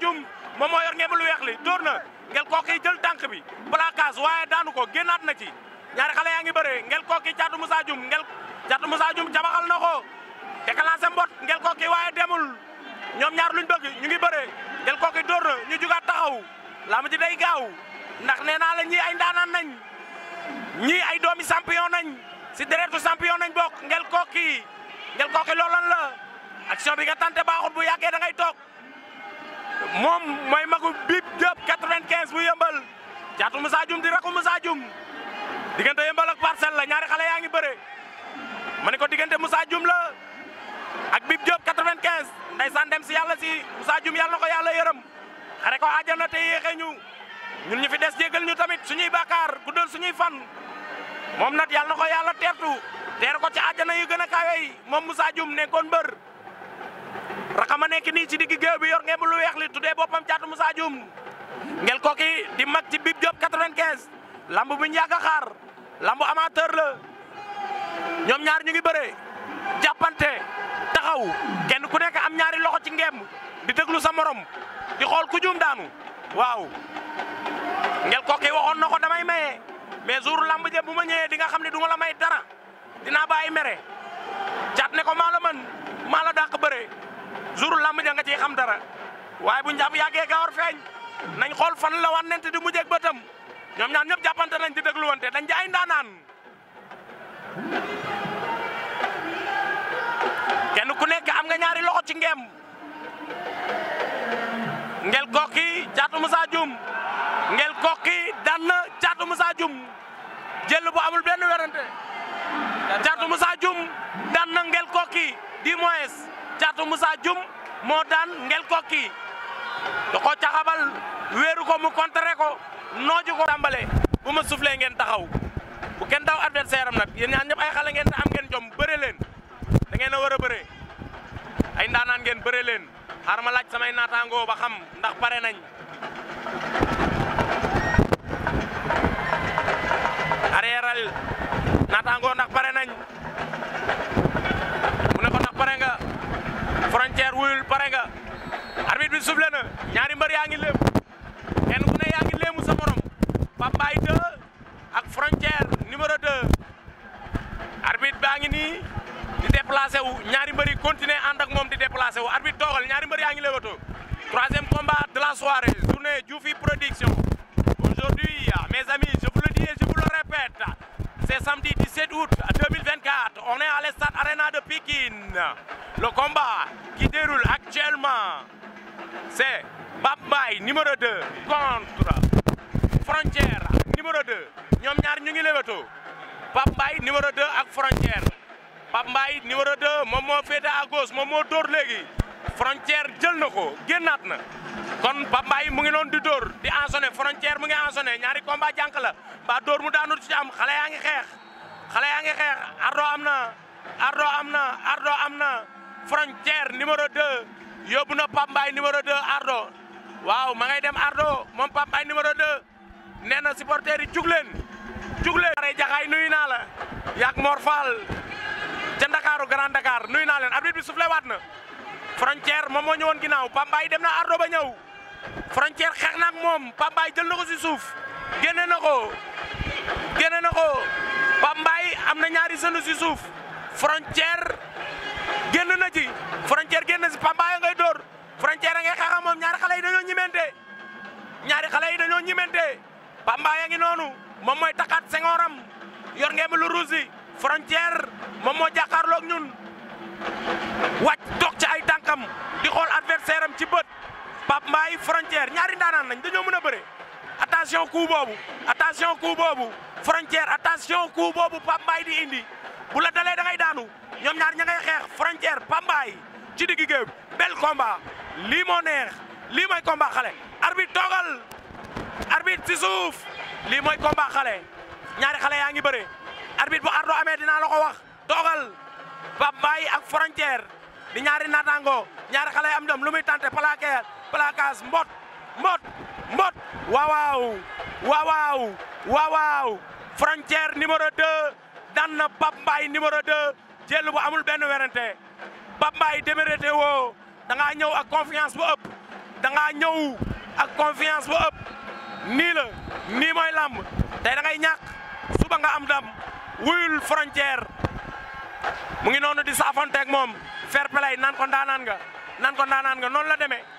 Dioum moom moo yor ngeen lu li dóor na ngel kooki jël tànk bi placage waaye daanu ko génnaat na ci ngel kooki caatu Moussa Dioum ngel caatu Moussa Dioum jabaxal na ko mbot ngel kooki waaye demul ñoom ñaar luñ bëgg ñu ngi bëree ngel kooki dóor na ñu jugaat taxaw laamu ji day gaaw ndax nee naa la ñii ay nañ ay champion nañ si deretu champion nañ bok ngel kooki ngel kooki looloon la action bi nga tante baaxul bu yàggee da ngay Mom, may magu bib Diop 95 bu yembal jatu musa musajum di rakku musa djum digante yembal ak parcel la ñaari xalé yaangi beure maniko digante musa djum la ak bib Diop 95 san dem ci yalla si musa djum yalla ko yalla yeeram xare ko aljana te yexeñu ñun ñi fi dess jegal ñu tamit suñuy bakar guddal suñuy fan mom nat yalla na ko yalla tertu ter ko ci aljana yu gëna kawé mom musa djum ne kon rakamane kini nii ci digi géew bi yor ngeen lu wex li bopam ngel koki di mag ci Bib job 95 lamb bu ñaka yàgg xaar lamb amateur la ñom ñaar ñu ngi bëree jàppante taxaw kenn ku nek am ñaari loxo ci ngemb di deglu sa morom di xol ku juum daanu waw ngel koki waxoon na ko damay maye mais jour lamb je buma ma di nga xamni du la may dara dina baye mere caat ne ko mala man mala dak zuru lamb ja nga ci xam dara waye bu ñam yagge yàggee ga war nañ xol fan la wànnente di mujjee batam, ñom ñaan ñep jappante nañ di dégluwante dañ jaay ndanan kenn ku nekk am nga ñaari loxo ci ngem ngel kokki jaatu musa jum ngel kokki dan jaatu musa jum jël bu amul benn wérante jaatu musa jum dan ngel kokki di moes caatu Moussa Dioum moo daan ngel kokki da ko caxabal wéeru ko mu contré ko nooju ko tàmbale bu ma soufflé ngeen taxaw bu kenn daw adversaire am nag yéen ñaan ñëpp ngeen te am ngeen jom bëre leen da ngeen a war a bëre ay ndaanaan ngeen bëre leen xaar ma laaj samay naataangoo ba xam ndax pare nañ arriéral naataangoo ndax pare nañ C'est où ñaari mbëri continuer ak di déplacé wu arbitre togal ñaari ngi lewato troisième combat de la soirée journée Djoufi Production aujourd'hui mes amis je vous le dis et je vous le répète c'est samedi 17 août 2024 on est à l'Estade Arena de Pékin. le combat qui déroule actuellement c'est Bab numéro 2 contre Frontière numéro 2 ñom ñaar ñu ngi lewato Bab numéro 2 ak Frontière Pape numéro 2 mom mo fété à gauche mom mo dor légui frontière djel nako gennat na kon Pape mu ngi non di dor di ansoné frontière mu ngi ansoné ñaari combat jank la ba dor mu daanu ci am xalé yaangi xex xalé yaangi xex ardo amna ardo amna ardo amna frontière numéro 2 yobuna na numéro 2 ardo waaw ma ngay dem ardo mom Pape numéro 2 nee na supporters yi jug leen jug leen nuyu naa la yak morfal ca Ndakaaru Grand Dakar nuyu naa leen arbitre bi soufflé waat na frontière moom moo ñëwoon ginnaaw Pambaay dem na Ardo ba ñëw frontière xeex na ak moom Pambaay jël na ko si suuf génne na ko génne na ko Pambaay am na ñaari sënu si suuf frontière génn na ci frontière génn na si Pambaay ngay dóor frontière a ngay xeex ak ñaari xale yi dañoo ñimente ñaari xale yi dañoo ñimente Pambaay a ngi noonu moom mooy takkaat sengoram yor ngeen lu frontière moom moo jàkkaarloog ñun wàcc toog ci ay tànkam di xool adversaire am ci bët Pape Mbaye frontière ñaari ndaanaan lañ dañoo mën a bëre attention coup boobu attention coup boobu frontière attention coup boobu Pape Mbaye di indi bu la dalee da daanu ñoom ñaar ña ngay xeex frontière Pape Mbaye ci digg géew bel combat lii moo neex lii mooy combat xale arbitre toogal arbitre ci suuf lii mooy combat xale ñaari xale yaa ngi bëre arbitre bu ardo amé dina lako wax dogal ba bay ak frontière di ñaari natango ñaar xalé am dom lumuy muy plaqué placage mbot mbot mbot waaw waaw waawaaw waaw frontière numéro 2 dan na Pape bay numéro 2 jël bu amul ben werante Pape bay démérété wo da nga ñew ak confiance bu ëpp da nga ñew ak confiance bu ëpp ni la ni moy lamb tay da ngay ñak suba nga am dam wuyul frontière mu ngi noonu di saafanteeg moom fair play nan ko ndaanaan nga nan ko ndaanaan nga noonu la demee.